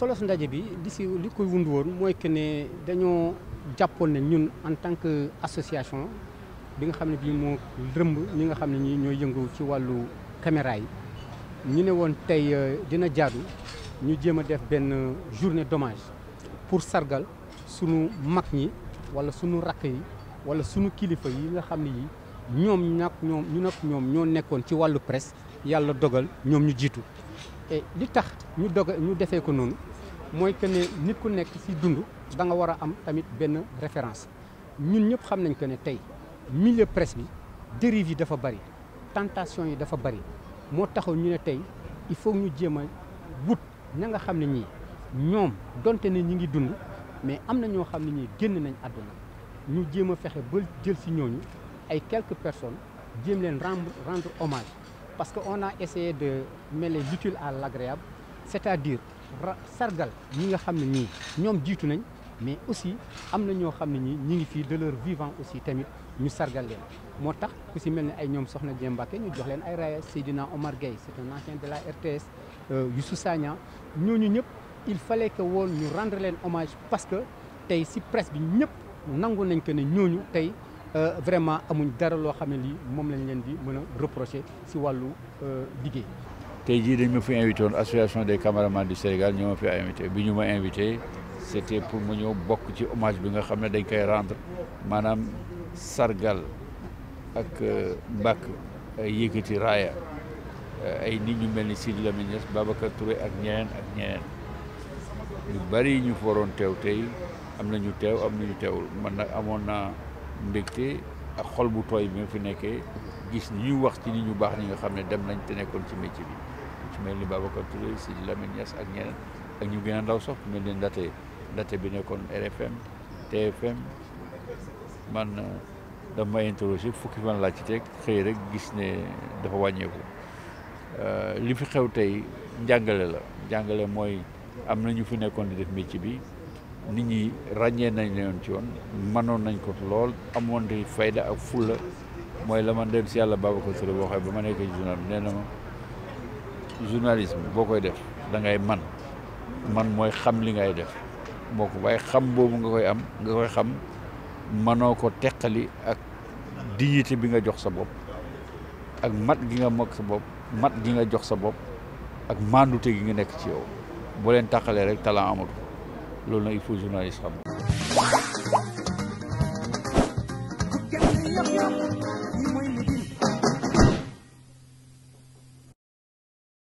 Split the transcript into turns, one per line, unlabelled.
solos ndaje bi di si li koy wund woon mooy que ne dañoo jàppoon ne ñun en tant que association bi nga xam ne bii moo rëmb ñi nga xam ne ñi ñoo yëngu ci wàllu caméra yi ñu ne woon tey euh, dina jaadu ñu jéem a def benn journée domage pour sargal sunu mag ñi wala sunu rakk yi wala sunu kilifa yi nga xam ne yi ñoom nag ñoom ñu nag ñoom ñoo nekkoon ci wàllu presse yàlla dogal ñoom ñu jiitu et li tax ñu dogal ñu defee ko noonu mooy que ne nit ku nekk ci dund da nga war a am tamit benn référence ñun ñëpp xam nañ que ne tey milieu presse bi dérive yi dafa bari tentation yi dafa bari moo taxaw ñu ne tey il faut ñu jéem a wut ña nga xam ne ñii ñoom donte ne ñi ngi dund mais am na ñoo xam ne ñii génn nañ àdduna ñu jéem a fexe ba jël si ñooñu ay quelques personnes jéem leen rendre rendre hommage parce que on a essayé de mêler l'utile à l'agréable c'est-à-dire sargal ñi nga xam ne ñii ñoom jiitu nañ mais aussi am na ñoo xam ne ñi ñi ngi fii de leur vivant aussi tamit ñu sargal leen moo tax ku si mel ne ay ñoom soxna Dieng Mbacké ñu jox leen ay raaya Seydina Omar Gueye c'est un de la RTS euh, Youssou Sagna ñooñu ñëpp il fallait que woon ñu rendre leen hommage parce que tey si presse bi ñëpp nangu nañ que ne ñooñu tey Euh, vraiment amuñ dara loo xam ne lii moom lañ leen di mën a reprocher si wàllu euh, liggéey.
tey jii dañ ma fi invité woon association des caméramans du Sénégal ñoo ma fi invité bi ñu ma invité c' était pour mu ñëw bokk ci omage bi nga xam ne dañ koy rendre maanaam sargal ak euh, mbàkk ay yëkkati raaya ay nit ñu mel ni Sidi Lamine Niass Babacar Touré ak ñeneen ak ñeneen ñu bari ñu fa waroon teew tey am na ñu teew am na ñu teewul man nag amoon naa. mbégte ak xol bu tooy bi ma fi nekkee gis ñuy wax ci nit ñu baax ni nga xam ne dem nañ te nekkoon ci métier bi su mel ni Babacar Touré si Lamine ak ñeneen ak ñu gën a ndaw sax mel ni ndate ndate bi nekkoon RFM TFM man euh, dama interrogé fukki fan laa ci teg xëy rek gis ne dafa wàññeeku euh, li fi xew tey njàngale la njàngale mooy am na ñu fi nekkoon di def métier bi nit ñi ràññee nañ leen ci yoon manoon nañ ko lool amoon di fayda ak fulla mooy la ma dem si ko si Touré boo waxee ba ma nekk journal nee na ma journalisme boo koy def da ngay man man mooy xam li ngay def moo ko waaye xam boobu nga koy am nga koy xam mënoo ko teqali ak dignité bi nga jox sa bopp ak mat gi nga mag sa bopp mat gi nga jox sa bopp ak mandute gi nga nekk ci yow boo leen tàqalee rek talent amatu loolu nag il faut journaliste